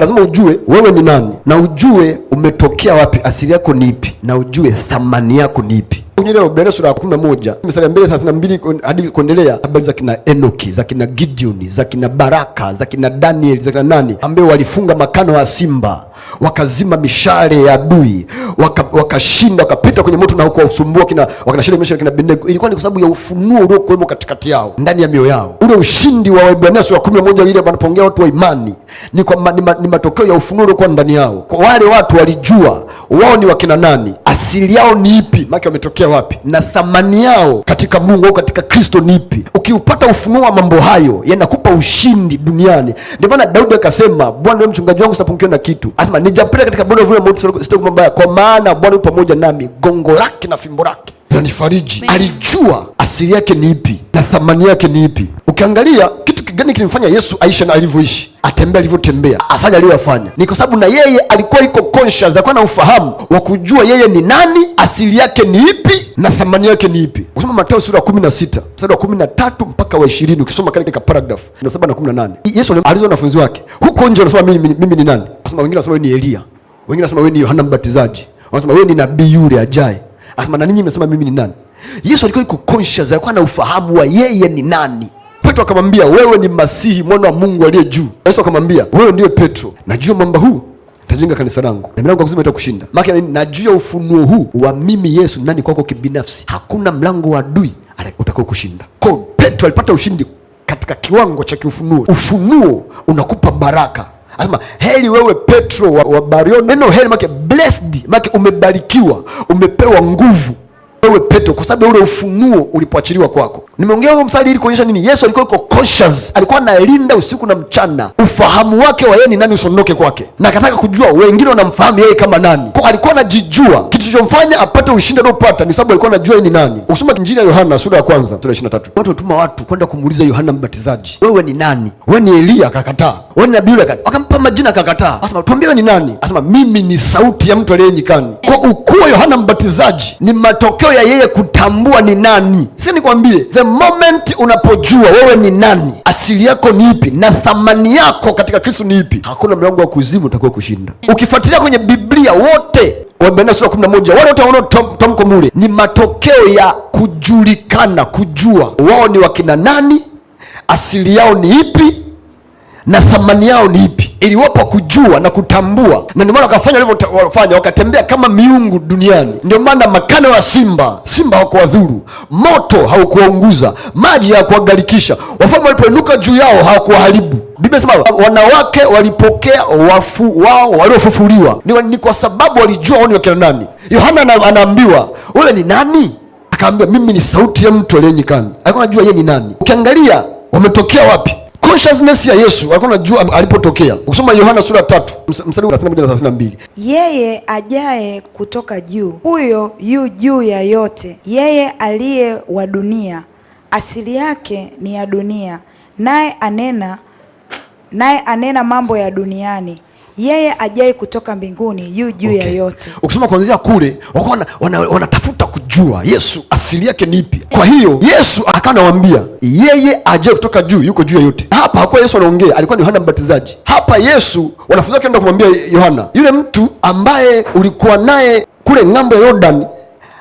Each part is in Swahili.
Lazima ujue wewe ni nani na ujue umetokea wapi, asili yako ni ipi, na ujue thamani yako ni ipi kwenye leo Biblia sura ya 11 mstari wa 232 hadi kuendelea, habari za kina Enoki, za kina Gideoni, za kina Baraka, za kina Danieli, za kina nani ambao walifunga makano ya wa simba, wakazima mishale ya adui, wakashinda, waka wakapita kwenye moto na huko kuwasumbua kina wakanashinda mishale kina Abednego. Ilikuwa ni kwa sababu ya ufunuo uliokuwemo katikati yao, ndani ya mioyo yao. Ule ushindi wa Waebrania sura ya 11 ile wanapongea watu wa imani ni kwa ma, ni, ma, ni matokeo ya ufunuo uliokuwa ndani yao. Kwa wale watu walijua wao ni wakina nani, asili yao ni ipi, maana wametokea wanaishia wapi na thamani yao katika Mungu au katika Kristo ni ipi? Ukiupata ufunuo wa mambo hayo yanakupa ushindi duniani. Ndio maana Daudi akasema, Bwana ndiye mchungaji wangu, sitapungukiwa na kitu. Anasema nijapenda katika bonde la uvuli wa mauti sitakuwa mabaya, kwa maana Bwana yupo pamoja nami, gongo lake na fimbo lake zinanifariji. Alijua asili yake ni ipi na thamani yake ni ipi. Ukiangalia kitu gani kilimfanya Yesu aishi na alivyoishi, atembea alivyotembea, afanya aliyoyafanya? Ni kwa sababu na yeye alikuwa iko conscious, alikuwa na ufahamu wa kujua yeye ni nani, asili yake ni ipi na thamani yake ni ipi. Ukisoma Mathayo sura ya 16 mstari wa 13 mpaka wa 20, ukisoma kale kile paragraph na 7 na 18, Yesu alizo wanafunzi wake huko nje, anasema mimi, mimi ni nani? Anasema wengine anasema wewe ni Elia, wengine anasema wewe ni Yohana Mbatizaji, anasema wewe ni nabii yule ajaye, anasema na ninyi mnasema mimi ni nani? Yesu alikuwa iko conscious, alikuwa na ufahamu wa yeye ni nani. Petro akamwambia wewe ni Masihi mwana wa Mungu aliye juu. Yesu akamwambia wewe ndiye Petro, najua mwamba huu tajenga kanisa langu na milango ya kuzimu itakushinda. Maana najua ufunuo huu wa mimi Yesu ndani kwako kibinafsi, hakuna mlango wa adui utakao kushinda. Kwa Petro alipata ushindi katika kiwango cha kiufunuo. Ufunuo unakupa baraka Asema heli wewe Petro wa, wa Barioni. Neno heli make blessed, make umebarikiwa, umepewa nguvu wewe Petro, kwa sababu ule ufunuo ulipoachiliwa kwako. Nimeongea huo mstari ili kuonyesha nini? Yesu alikuwa yuko conscious, alikuwa analinda usiku na mchana ufahamu wake wa yeye ni nani usondoke kwake, na akataka kujua wengine wanamfahamu yeye kama nani. Kwa alikuwa anajijua, kitu kilichomfanya apate ushindi aliopata ni sababu alikuwa anajua yeye ni nani. Ukisoma Injili ya Yohana sura ya kwanza sura ya 23 watu watuma watu kwenda kumuuliza Yohana Mbatizaji, wewe ni nani? Wewe ni Elia? Akakataa. Wewe ni nabii? Akakataa. Akawapa majina akakataa, asema tuambie ni nani? Asema mimi ni sauti ya mtu aliye nyikani. Eh. Kwa ukuo Yohana Mbatizaji ni matokeo ya yeye kutambua ni nani. Si nikwambie, the moment unapojua wewe ni nani, asili yako ni ipi na thamani yako katika Kristo ni ipi, hakuna mlango wa kuzimu utakuwa kushinda. Eh. Ukifuatilia kwenye Biblia wote Waebrania sura kumi na moja wale wote wanaona tamko mule ni matokeo ya kujulikana, kujua wao ni wakina nani, asili yao ni ipi na thamani yao ni ipi iliwapo kujua na kutambua, na ndio maana wakafanya walivyofanya, wakatembea kama miungu duniani. Ndio maana makana wa simba simba hawakuwadhuru, moto haukuwaunguza, maji hayakuwagarikisha, wafalme walipoinuka juu yao hawakuwaharibu. Biblia sema wanawake walipokea wafu wao waliofufuliwa. Ni, ni kwa sababu walijua wao ni wakina nani. Yohana anaambiwa ule ni nani? Akaambiwa mimi ni sauti ya mtu aliyenyikani. Alikuwa anajua yeye ni nani. Ukiangalia wametokea wapi? consciousness ya Yesu alikuwa anajua alipotokea. Ukisoma Yohana sura tatu mstari wa 31 na 32, yeye ajaye kutoka juu, huyo yu juu ya yote. Yeye aliye wa dunia, asili yake ni ya dunia, naye anena naye anena mambo ya duniani. Yeye ajaye kutoka mbinguni yu juu okay. ya yote. Ukisoma kuanzia kule wako wanatafuta wana, wana kujua Yesu asili yake ni ipi? Kwa hiyo Yesu akanawambia yeye aje kutoka juu yuko juu ya yote. Hapa hakuwa Yesu anaongea, alikuwa ni Yohana Mbatizaji. Hapa Yesu wanafunzi wake enda kumwambia Yohana, yule mtu ambaye ulikuwa naye kule ng'ambo ya Yordani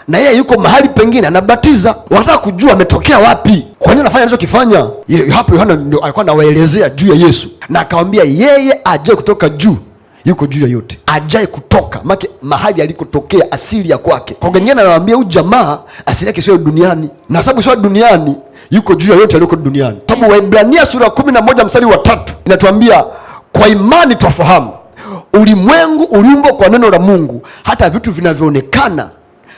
na yeye yuko mahali pengine anabatiza, wanataka kujua ametokea wapi, kwa nini anafanya anachokifanya. Hapo Yohana ndio alikuwa anawaelezea juu ya Yesu, na akawambia yeye aje kutoka juu yuko juu ya yote, ajaye kutoka make mahali alikotokea, asili ya kwake. Kwa gengine anawaambia huyu jamaa asili yake sio duniani, na sababu sio duniani, yuko juu ya yote aliyoko duniani. Sababu Waibrania sura kumi na moja mstari wa tatu inatuambia kwa imani twafahamu ulimwengu uliumbwa kwa neno la Mungu, hata vitu vinavyoonekana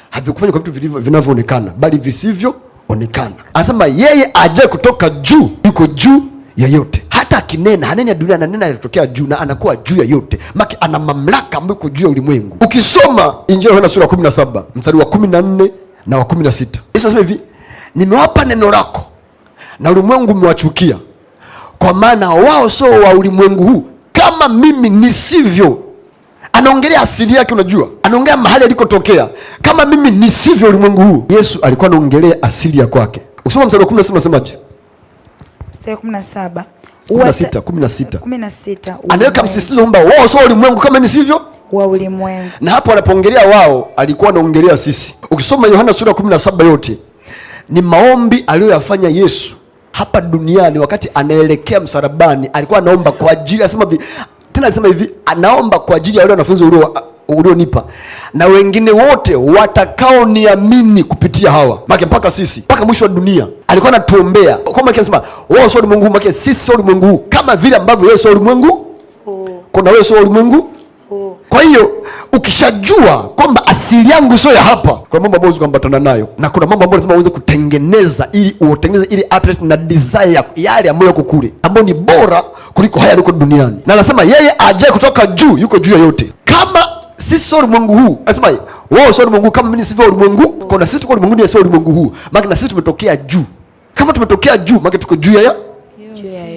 havikufanywa kwa vitu vinavyoonekana, bali visivyoonekana. Anasema yeye ajaye kutoka juu yuko juu ya yote hata akinena haneni ya dunia, ananena yalitokea juu na anakuwa juu ya yote, maki ana mamlaka ambayo iko juu ya ulimwengu. Ukisoma Injili ya Yohana sura ya 17 mstari wa 14 na wa 16, Yesu anasema hivi, nimewapa neno lako na ulimwengu umewachukia, kwa maana wao sio wa ulimwengu huu kama mimi nisivyo. Anaongelea asili yake, unajua, anaongea mahali alikotokea, kama mimi nisivyo ulimwengu huu. Yesu alikuwa anaongelea asili ya kwake. Ukisoma mstari wa 16 unasemaje? Mstari wa 17 anaweka msisitizo kwamba wao sio ulimwengu kama ni sivyo wa ulimwengu, na hapo anapoongelea wao alikuwa anaongelea sisi. Ukisoma Yohana sura 17 yote ni maombi aliyoyafanya Yesu hapa duniani wakati anaelekea msalabani, alikuwa anaomba kwa ajili, asema tena, alisema hivi, anaomba kwa ajili ya wale wanafunzi ulio ulionipa na wengine wote watakaoniamini kupitia hawa make mpaka sisi mpaka mwisho wa dunia alikuwa anatuombea kama akisema, wewe sio ulimwengu make sisi sio ulimwengu kama vile ambavyo wewe sio ulimwengu oh. kuna wewe sio ulimwengu oh. kwa hiyo ukishajua kwamba asili yangu sio ya hapa, kuna mambo ambayo kuambatana nayo na kuna mambo ambayo lazima uweze kutengeneza ili utengeneze ili appetite na desire ya yale ambayo yako kule ambayo ni bora kuliko haya yaliko duniani, na anasema yeye ajaye kutoka juu yuko juu ya yote kama sisi sio ulimwengu huu. Anasema wewe sio ulimwengu kama mimi sivyo ulimwengu. Kwa na sisi tuko ulimwengu ni sio ulimwengu huu. Maana sisi tumetokea juu. Kama tumetokea juu, maana tuko juu ya juu ya